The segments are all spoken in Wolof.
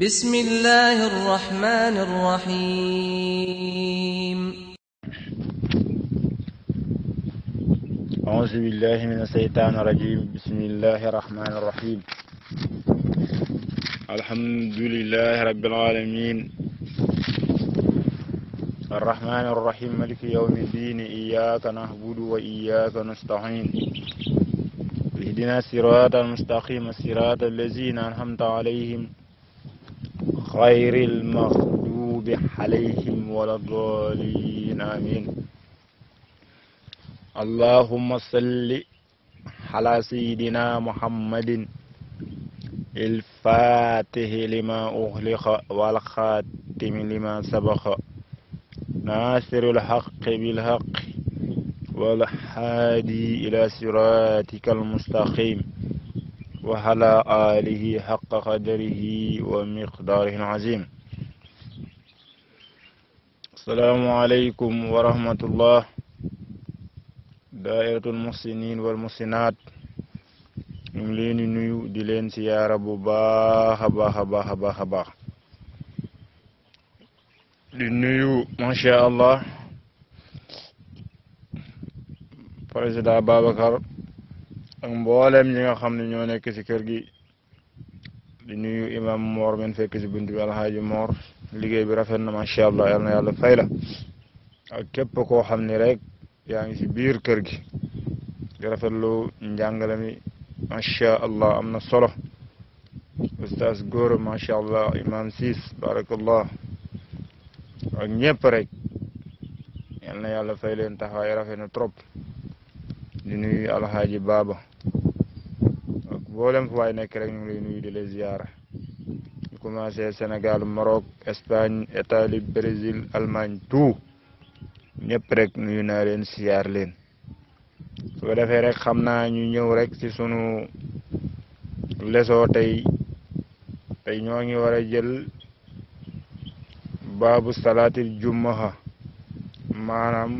بسم الله الرحمن الرحيم أعوذ بالله من الشيطان الرجيم بسم الله الرحمن الرحيم الحمد لله رب العالمين الرحمن الرحيم ملك يوم الدين إياك نعبد وإياك نستعين اهدنا الصراط المستقيم الصراط الذين أنعمت عليهم غير المغضوب عليهم ولا الضالين آمين اللهم صل على سيدنا محمد الفاتح لما أغلق والخاتم لما سبق ناصر الحق بالحق والحادي إلى صراطك المستقيم وعلى آله حق قدره ومقداره العظيم السلام عليكم ورحمة الله دائرة المحسنين والمحسنات ñu leen nuyu di leen siyaara bu baax a baax a baax baax di nuyu macha allah président Babacar ak mboolem ñi nga xam ne ñoo nekk ci kër gi di nuyu imam Mor men fekk bunt bi alhaaji Mor liggéey bi rafet na macha allah yal na yàlla fay la ak képp koo xam ni rek yaa ngi ci biir kër gi di rafetlu njàngale mi macha allah am na solo ustaas góor macha allah imam siis barakallah ak ñëpp rek yal na yàlla fay leen taxawaay rafet na trop di nuyu baaba mboolem fu waay nekk rek ñu ngi lay nuyu di la ziyaara ñu commencé Sénégal Maroc Espagne Italie Brésil Allemagne tout ñëpp rek nuyu naa leen siyaar leen su ko defee rek xam ñu ñëw rek ci sunu leso tay, tey ñoo ngi war a jël baabu salaatil jumaha maanaam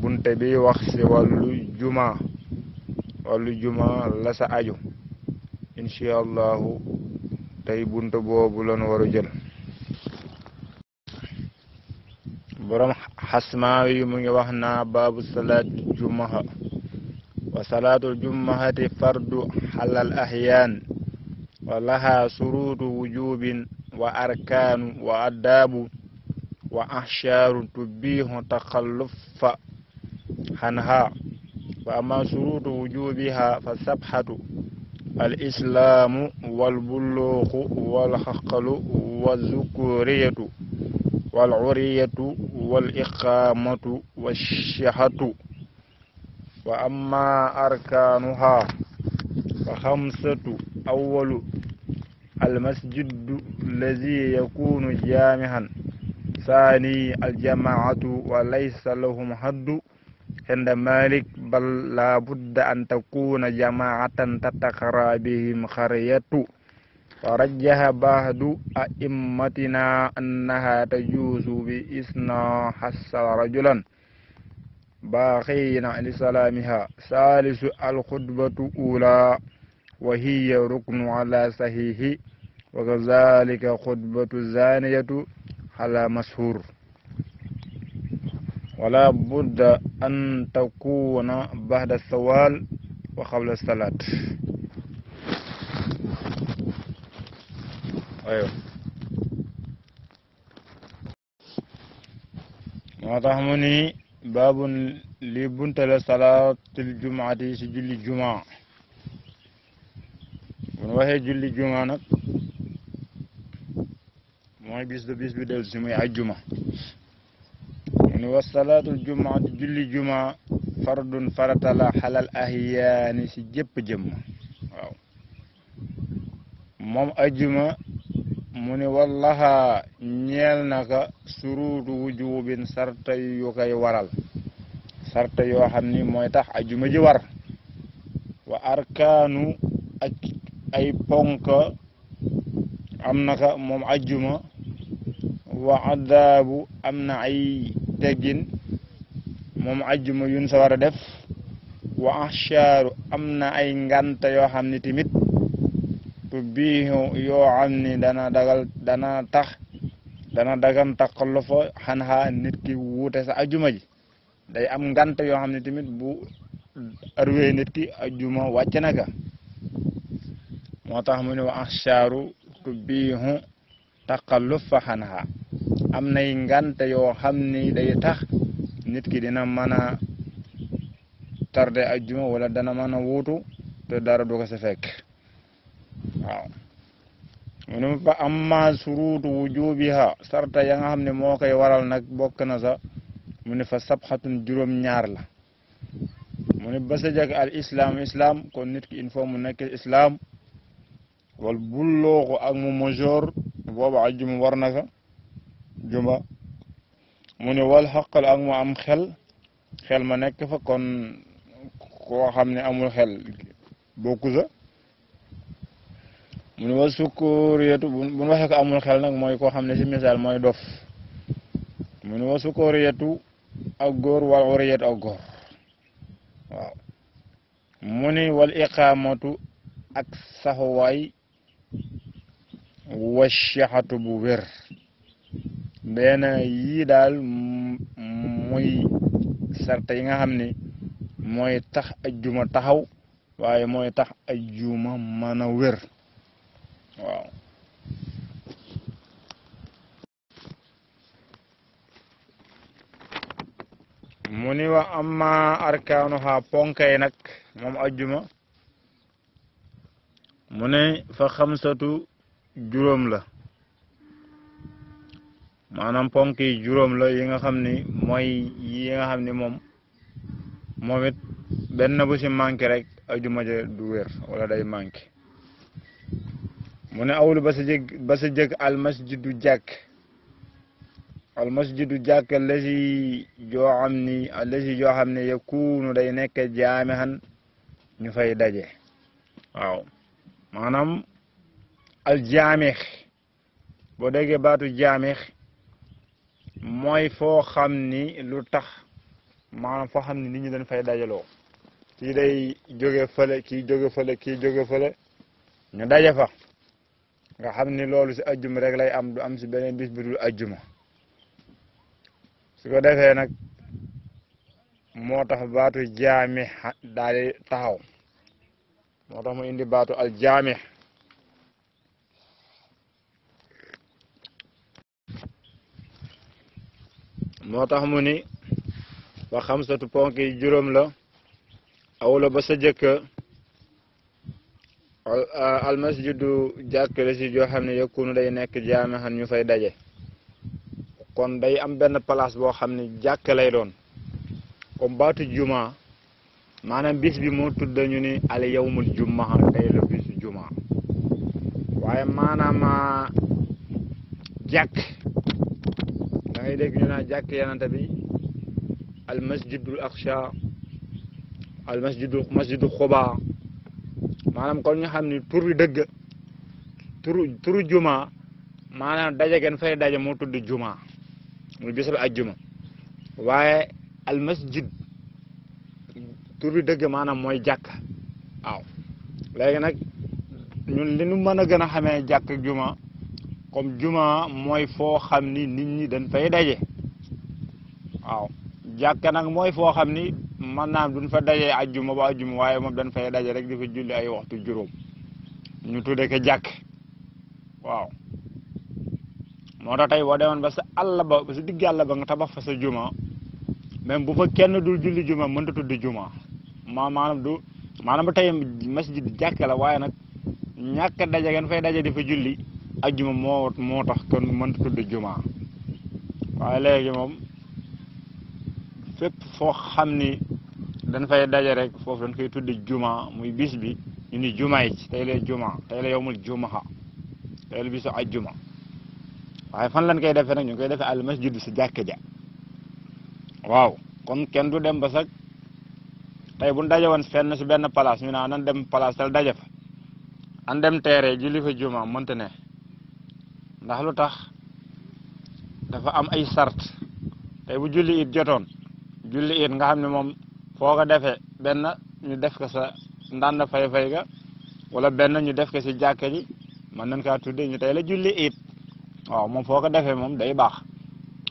bunte bi wax ci wàllu juma walu juma la sa aju inchallahu tey bunt boobu lan war a jël borom xasmaawi mu ngi wax naa baabu salaat jumaha wa salaatu jumahati fardu xalal ahyaan wa laha surutu wujubin wa arkanu wa addaabu wa ahcaaru tubbihu takalufa hanha wa ama surutu wujubiha fa sabhatu الإسلام والبلوغ والحقل والذكورية والعرية والإقامة والشحة وأما أركانها فخمسة أول المسجد الذي يكون جامعا ثاني الجماعة وليس لهم حد inda malik bal la budda an takuna jamaatan tatakara bihim xariyatu wa rajjaha bahdu a'immatina annaha tajuuzu bi isna hassa rajulan باقين لسلامها ثالث الخطبة أولى وهي ركن على صحيح وكذلك خطبة الزانية على مسهور wala budda an takuna baxda sawaal wa xabla salaat aywa moo tax mu ni baabun li buntale salaatil jumaati si julli jumaa bu nu julli jumaa nag mooy bis ba bis bi del si muy ajjuma ni wa salaatul jumaatu julli juma fardun faratala Halal ahyaani si jëpp jëmm waaw moom ajuma mu ni wallaha ñeel naka suruutu wujubin sarta yu koy waral sarta yoo xam ajuma ji war wa arkaanu ak ay ponk am naka moom ajuma wa Adabu am na teggin mom aljuma yun sa wara def wa ahshaaru amna ay nganta yo xamni timit tamit bi yo amni dana dagal dana tax dana dagan taqallufa hanha nit ki wute sa aljuma ji day am nganta yo xamni timit bu arwe nit ki aljuma wàcc na motax wa ahshaaru tu biixu taqallufa am nay ngante yoo xam ni day tax nit ki dina mën a tarde ajjuma wala dana mën wuutu te dara du ko sa fekk waaw munu fa amma suruutu wujubiha sarta ya nga xam ne moo koy waral nag bokk na sa mu ne fa sabxatun juróom-ñaar la mu ne ba jag al islaam islaam kon nit ki il faut mu nekk islaam wal bullooxu ak mu majoor boobu ajjuma war na ka jumba mu ne wal xaqal ak mu am xel xel ma nekk fa kon koo xam ne amul xel bokku sa mu ne wal sukkuriyatu buñ waxee ko amul xel nag mooy koo xam ne si misaal mooy dof mu ne wal sukkuriyatu ak góor wal uriyatu ak góor waaw mu ne wal iqaamatu ak saxuwaay wa shexatu bu wér benn yii daal muy sarta yi nga xam ni mooy tax ajjuma taxaw waaye mooy tax ajjuma mën a wér waaw mu ni wa amma arkaanuha ponkay nag moom ajjuma mu ne fa xamsatu juróom la maanam ponk yi juróom la yi nga xam ni mooy yi nga xam ni moom moom it bu si manqué rek ajuma ja du wér wala day manqué mu ne awlu ba sa jëg ba sa jëg almasjidu jàkk almasjidu jàkk lesi joo xam ni lesi joo day nekk jaamixan ñu fay daje waaw maanaam al jaamix boo baatu jaamix mooy foo xam ni lu tax maanaam foo xam ni nit ñi dañ fay dajaloo kii day jóge fële kii jóge fële kii jóge fële ñu daje fa nga xam ni loolu si ajjuma rek lay am du am si beneen bis bi dul ajjuma su ko defee nag moo tax baatu jaami daal di taxaw moo tax mu indi baatu aljaamix moo tax mu ni wa xamsatu ponk yi juróom la awla ba sa jëkka almasjidu jàkk la si joo xam ne yëkkunu day nekk jaame xan ñu fay daje kon day am benn place boo xam ne jàkk lay doon comme baatu jumaa maanaam bis bi moo tudd ñu ni al yawmul jumaa day la bisu waaye maanaam jàkk ngay dégg ñu na jakk yanante bi al masjidul aksha al masjidul masjidul khuba manam kon ñu xamni ni bi dëgg turu turu juma manam dajé gën fay dajé mo tuddu juma mu bisab al juma waye al masjid turu bi dëgg manam moy jakk waaw légui nak ñun li ñu mëna gëna xamé jakk juma comme juma moy fo xamni nit ñi dañ fay dajé waaw jakk nak moy fo xamni man mën duñ fa daje ajjuma ba ajjuma waye mom dañ fay dajé rek difa julli ay waxtu juroom ñu tudé ke jakk waaw mo tax tay wo déwon ba sa àll ba sa digg àll ba nga tabax fa sa juma même bu fa kenn dul julli juma mën ta tuddi juma ma manam du manam tay masjid jakk la waye nak ñak dajé gën fay dajé difa julli ajjuma mo wat moo tax kon man tudd juma waaye legi mom fépp fo xamni dañ fay dajje rek fofu dañ koy tudd juma muy bis bi ñu ni juma yi ci le la juma tey yowul juma ha tay la bisu ajjuma waaye fan lañ koy defee nak ñu koy defee al masjid ci jakka ja waw kon kenn du dem ba sax tay bu ñu won fenn ci ben place ñu na nan dem place dal dajje fa an dem téré julli fa juma mënta ndax lu tax dafa am ay sart tey bu julli it jotoon julli it nga xam ne moom foo ko defee benn ñu def ko sa ndànd fay-fay ga wala benn ñu def ko si jàkka ji mën nañ kaa tuddee ñu tey la julli it waaw moom foo ko defee moom day baax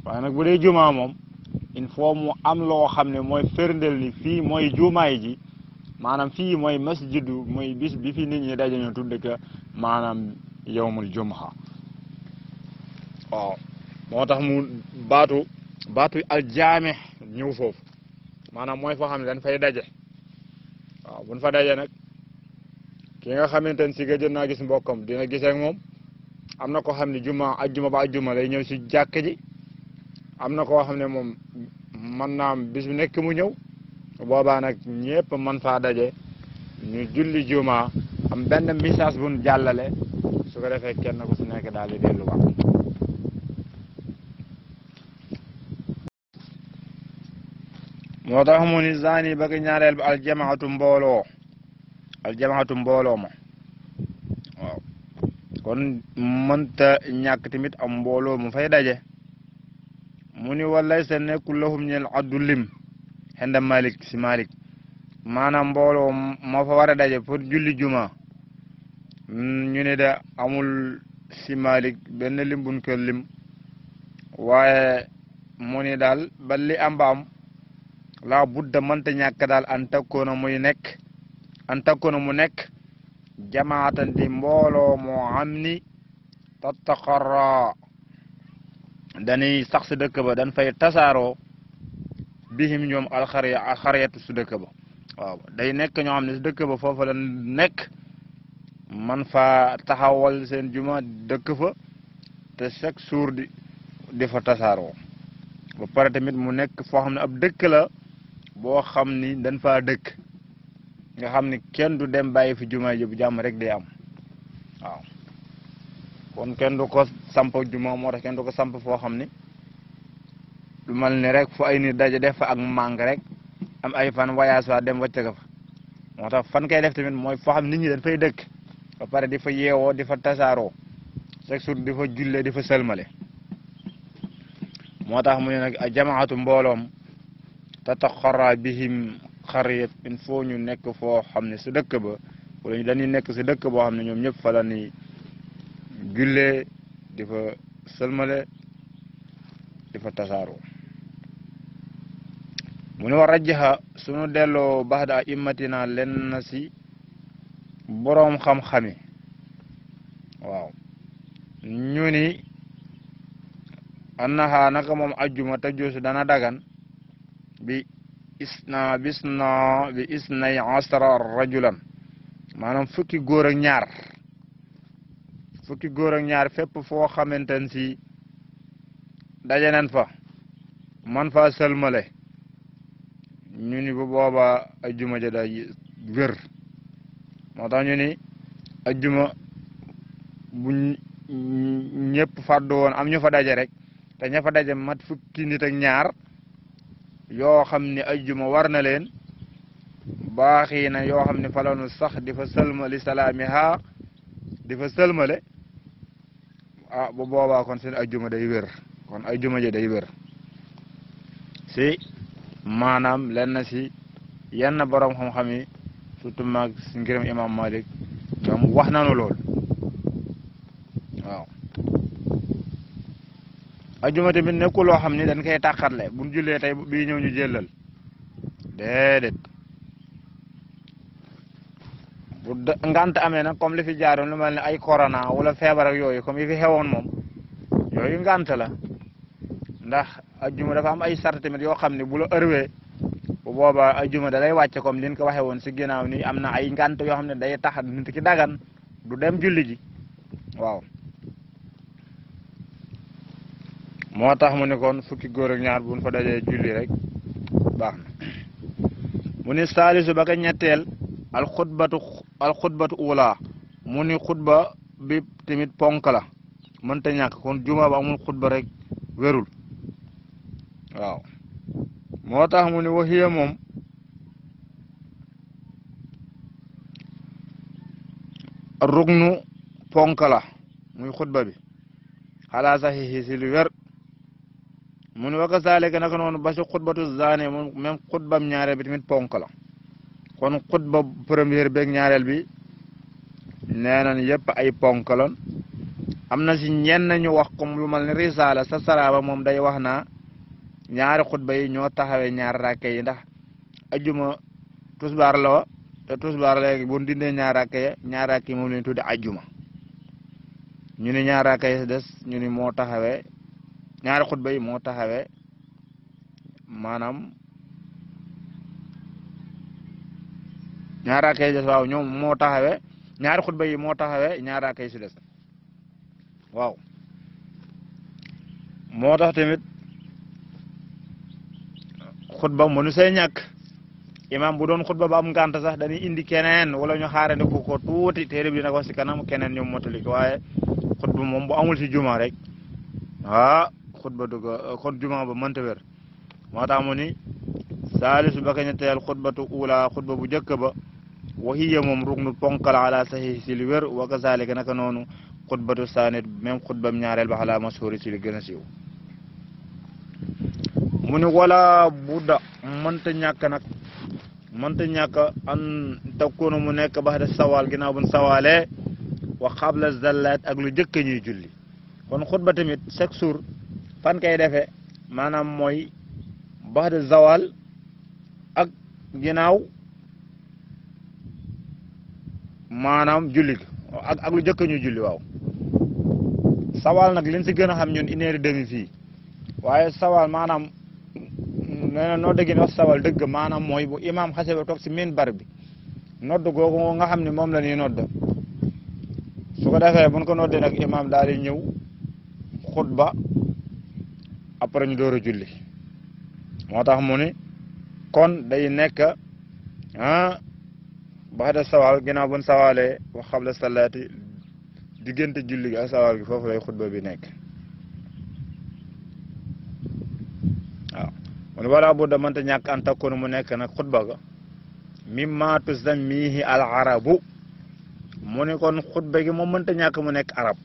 waaye nag bu dee jumaa moom il faut mu am loo xam ne mooy firndeel ni fii mooy jumaay ji maanaam fii mooy masjidu mooy bis bi fi nit ñi daje ñu tudd ka maanaam yowmul jumha waaw moo tax mu baatu baatu aljaame ñëw foofu maanaam mooy foo xam ne dañ fay daje waaw buñ fa daje nag ki nga xamante ne si ga jot naa gis mbokkam dina gisee moom am na koo xam ne juma ajjuma ba ajjuma lay ñëw si jàkk ji am na koo xam ne moom man naam bis bu nekk mu ñëw boobaa nag ñëpp man faa daje ñu julli juma am benn message buñ jàllale su ko defee kenn ku si nekk daal di dellu wax moo tax mu ni zaani ba ki ñaareel ba aljamaatu mbooloo aljamaatu mbooloo ma waaw kon mënta ñàkk tamit am mbooloo mu fay daje mu ni walay sa nekkul lahum ñel addu lim xenda malik si malik maanaam mbooloo moo fa war a daje pour julli juma ñu ni da amul si malik benn lim buñ lim waaye mu ni daal ba li am ba laa budda mante ñàkk daal an takkoona muy nekk an takkoona mu nekk jamaata di mbooloo moo xam ni tattaqarra dañuy sax si dëkk ba dañ fay tasaaroo bihim ñoom alxariya alxariyatu su dëkk ba waaw day nekk ñoo xam ne su dëkk ba foofu la nekk man fa taxawal seen juma dëkk fa te chaque jour di di fa tasaaroo ba pare tamit mu nekk foo xam ne ab dëkk la boo xam ni dañ faa dëkk nga xam ni kenn du dem bàyyi fu jumaa ji bu jàmm rek day am waaw kon kenn du ko samp juma moo tax kenn du ko samp foo xam ni lu mal ni rek fu ay nit daje def fa ak màng rek am ay fan voyage fa dem wàcc ka fa moo tax fan kay def tamit mooy foo xam nit ñi dañ fay dëkk ba pare di fa yeewoo di fa tasaaroo chaque jour di fa jullee di fa sëlmale moo tax mu ne nag jamaatu mbooloom tataxara bihim xariyat il faut ñu nekk foo xam ne sa dëkk ba wala dañuy nekk sa dëkk boo xam ne ñoom ñëpp fa la ni jullee di fa sëlmale di fa tasaaro mu ne wa rajjaxa sunu delloo baxda naa len na si boroom xam-xami waaw ñu ni annaha naka moom ajjuma tajoosu dana dagan Bi, bisna bisna bi isnay asra rajulan manam fukki góor ak ñaar fukki góor ak ñaar fépp fo xamante ci si fa man fa selmale ñu ni bu boba aljuma ja day wër moo ñu ni aljuma bu won am ñu fa dajé rek té ñafa dajé mat fukki nit ak ñaar yoo xam ne ajjuma war na leen baaxii na yoo xam ne falanu sax di fa sëlma li salaamiha di fa sëlmale ah bu boobaa kon seen ajjuma day wér kon ajjuma ji day wér si maanaam lenn si yenn borom xam-xam yi surtout maag si ngirum imam Malik ñoom wax nanu lool ajuma tamit nekkul loo xam ne dañ koy tàqatle bu ñu jullee tey bii ñëw ñu jëlal déedéet bu ngant amee na comme li fi jaaroon lu mel ne ay corona wala feebar yooyu comme yi xewoon moom yooyu ngant la ndax ajuma dafa am ay sart tamit yoo xam ne bu la ërwee bu booba ajuma da lay wàcce comme liñ ko waxee woon si ginnaaw ni am na ay ngant yoo xam ne day tax nit ki dagan du dem julli ji waaw moo tax mu ne kon fukki góor ak ñaar buñ fa dajee julli rek baax na mu ni saalisu ba ka ñetteel alxutbatu alxutbatu ula mu ni xutba bi tamit ponk la mënta ñàkk kon juma ba amul xutba rek wérul waaw moo tax mu ni waxiya moom rugnu ponk la muy xutba bi xalaa saxihi si mun waka saleke naka noonu basi xutbatu zane mun même xutbam ñaarel bi tamit ponk la kon xutba premier beeg ñaarel bi neenan yépp ay ponk lan am na si ñenn ñu wax kom lu mel ni risala sa saraaba moom day wax naa ñaari xutba yi ñoo taxawe ñaar rakke yi ndax ajuma tusbaar la te tusbaar laeg bun dindee ñaar rakke ya ñaar rakke yi moom lañu tuddi ajuma ñu ni ñaar rakke yi des ñu ni moo taxawee ñaari xutba yi moo taxawe maanaam ñaari rakaa yi des waaw ñoom moo taxawee ñaari xutba yi moo taxawee ñaari rakaa yi si des waaw moo tax tamit xutba mënu see ñàkk imaam bu doon xutba ba am ngànt sax dañuy indi keneen wala ñu xaarandi ko tuuti téere bi dina ko si keneen ñu motali waaye xutba moom bu amul si juma rek ah xutba du xot juma ba mënta wér moo tax mu ni saalisu ba ka ñetteel xutbatu ula xutba bu njëkk ba wa hiya moom ruknu ponkal ala saxiix si lu wér wa kazalika naka noonu xutbatu saanit même xutbam ñaareel ba ala masuuri si lu gën a siiw mu ni wala budda mënta ñàkk nag mënta ñàkk an takkoonu mu nekk ba de sawaal ginnaaw buñ sawaalee wa xabla zallaat ak lu njëkk ñuy julli kon xutba tamit chaque fan kay defee maanaam mooy baxda zawal ak ginnaaw maanaam julli ak lu jëkk ñu julli waaw sawal nag liñ si gën a xam ñun une heure demi fii waaye sawal maanaam nee noo dëggin wax sawal dëgg maanaam mooy bu imaam xase ba toog si min bar bi nodd googu nga xam ni moom la ñuy nodd su ko defee buñ ko noddee nag imaam daal di ñëw xutba après ñu dooro julli motax mu kon day nek ah baada sawal gina buñ sawale wa khabla salati digeenta julli ga sawal gi fofu lay khutba bi nek wa mun wala man ta ñak an takkoon mu nek nag khutba ga mimma tuzammihi al arab mu ne kon khutba gi man ta ñak mu nek arab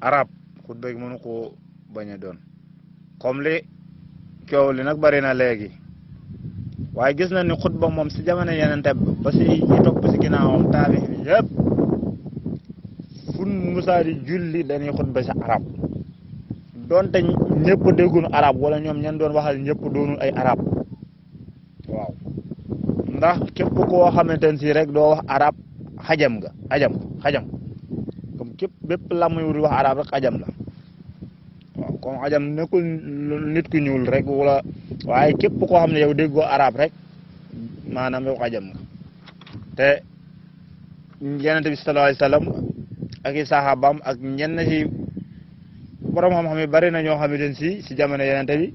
arab khutba gi mu ko bañ a doon comme li coow li nag bari na léegi waaye gis na ni xutba moom si jamono yenente ba si ñi topp si ginnaawam taarix bi yëpp fun musaa julli dañuy xutba si arab doonte ñëpp déggunu arab wala ñoom ñan doon wax ñëpp doonul ay arab waaw ndax képp koo xamante ne si rek doo wax arab xajam ga xajam xajam comme képp bépp la muy wax arab rek xajam la kon adam nekul nit ki ñuul rek wala waye kep ko xamne yow deggo arab rek manam yow ajam nga te yenente bi sallallahu alayhi wasallam ak sahabam, ak ñen ci borom xam-xam yi bari na ñoo xamé den si ci jamono yenente bi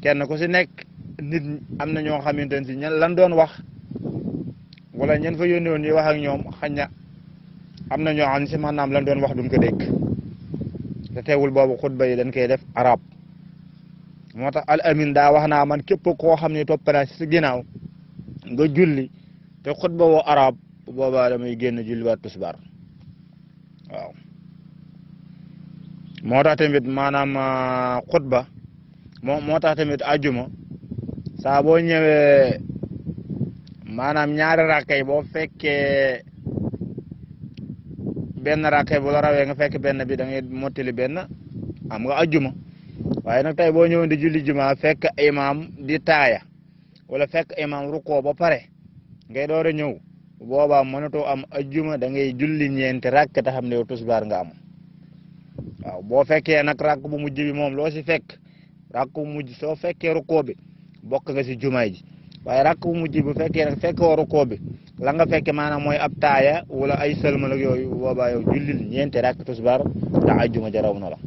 kenn ko ci nek nit am ñoo xamante ne si ñan lan doon wax wala ñen fa yoni won yi wax ak ñoom xagna amna ñoo xamni ci manam lan doon wax duñ ko dekk te teewul boobu xutba yi dañ koy def arab moo tax al amin daa wax naa man képp koo xam ne topp naa si sa ginnaaw nga julli te xutba woo arab boobaa damay génn julli waat tusbaar waaw moo tax tamit maanaam ah, xutba moo moo tax tamit ajuma saa boo ñëwee maanaam ñaari rakkay boo fekkee benn rakkee bu la rawee nga fekk benn bi da ngay mottali benn am nga ajjuma waaye nag tey boo ñëwoon di julli juma fekk imaam di taaya wala fekk imaam rukkoo ba pare ngay door a ñëw boobaa mënatoo am ajjuma da ngay julli ñeenti rakk te xam ne yow tusbaar nga am waaw boo fekkee nag rakk bu mujj bi moom loo si fekk rakk bu mujj soo fekkee rukkoo bi bokk nga si jumaay ji fekk wa rukkoo bi la nga fekke maanaam mooy ab taaya wala ay sëlmal yooyu boobaa yow jullil ñeenti rakk tisbaar te ajjuma jaraw na la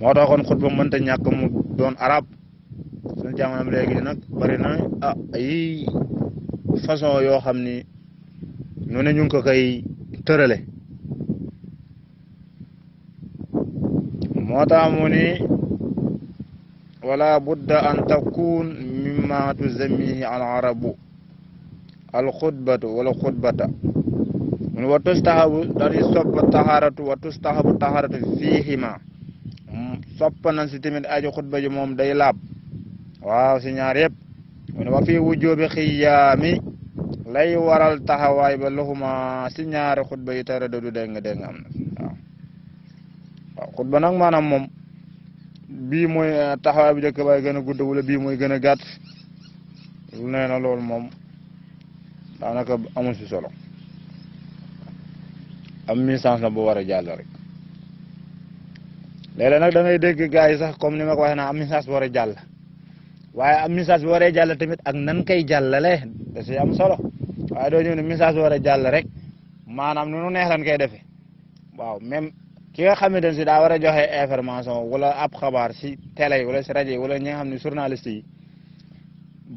moo tax xutba mënta ñàkk mu doon arab suñu jamono léegi nag bari na ah, ay façon yoo xam ni nu ne ñu ngi ko koy tërale moo tax ni ولا بد أن تكون مما تسميه العرب الخطبة والخطبة وتستحب dari sopp taharatu wa tustahabu taharatu fihima mm, sopp nañ si aji xutba ji moom day laab waaw si ñaar yëpp wa fi lay waral tahaway ba loxuma si ñaar khutba yi tara du deng deng amna khutba nak manam mom bii mooy eh, taxawaay bu njëkk baay gën a gudd wala bii mooy gën a gàtt nee na lool moom daanaka amul si solo am message la bu war a jàll rek léeg-léeg nag da dégg gars yi sax comme ni waxee naa am message war a jàll waaye am message bu war a jàll tamit ak nan koy jàllale da si am solo waaye doo ñëw ne message bu war a jàll rek maanaam nu nu neex koy defee waaw même. ki nga xamante ne si daa war a joxe information wala ab xabaar si télé wala si rajo yi wala ñi nga xam ne journaliste yi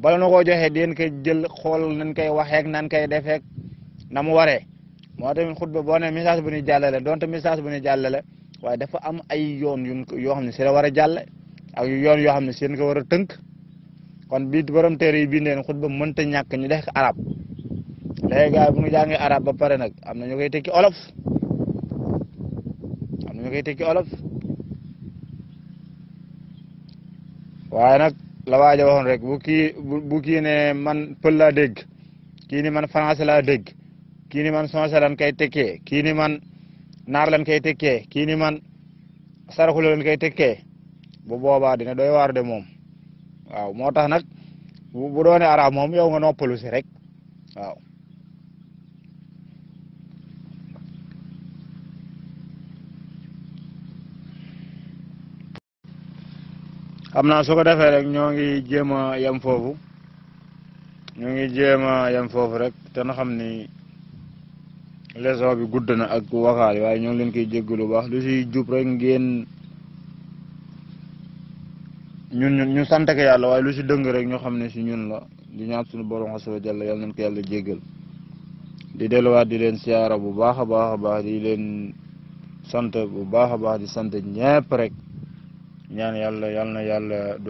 bala na koo joxe den koy jël xool nañ koy waxeek nan koy defeek na mu waree moo tamit xutba boo ne message bu ñuy jàllale donte message bu ñuy jàllale waaye dafa am ay yoon yu yoo xam ne si la war a jàlle ak yoon yoo xam ne seen ko war a tënk kon bii borom téere yi bindeen xutba mënta ñàkk ñu def arab léegi gars yi bu arab ba pare nag am na ñu koy tekki olof koy tekki olof waaye nag la waaja waxoon rek bu kii bu kii man pël laa dégg kii ni man français laa dégg kii ni man soose lan kay tekkee kii ni man naar lan koy tekkee kii ni man saraxule lan kay tekkee bu boobaa dina doy waar de moom waaw moo tax nag bu doone arab moom yow nga noppalu si rek waaw xam naa su ko defee rek ñoo ngi jéem a yem foofu ñoo ngi jéem yam foofu rek te na xam ni leçon bi gudd na ak waxaal waaye ñoo ngi leen koy jégg lu baax lu si jub rek ngeen ñun ñun ñu sant ko yàlla waaye lu si dëng rek ñoo xam ne si ñun la di ñaan suñu borom xasaba jàlla yàlla nañ ko yàlla jéggal di delluwaat di leen siyaara bu baax a baax a baax di leen sant bu baax a baax di sant ñepp rek ñaan yàlla yal na yàlla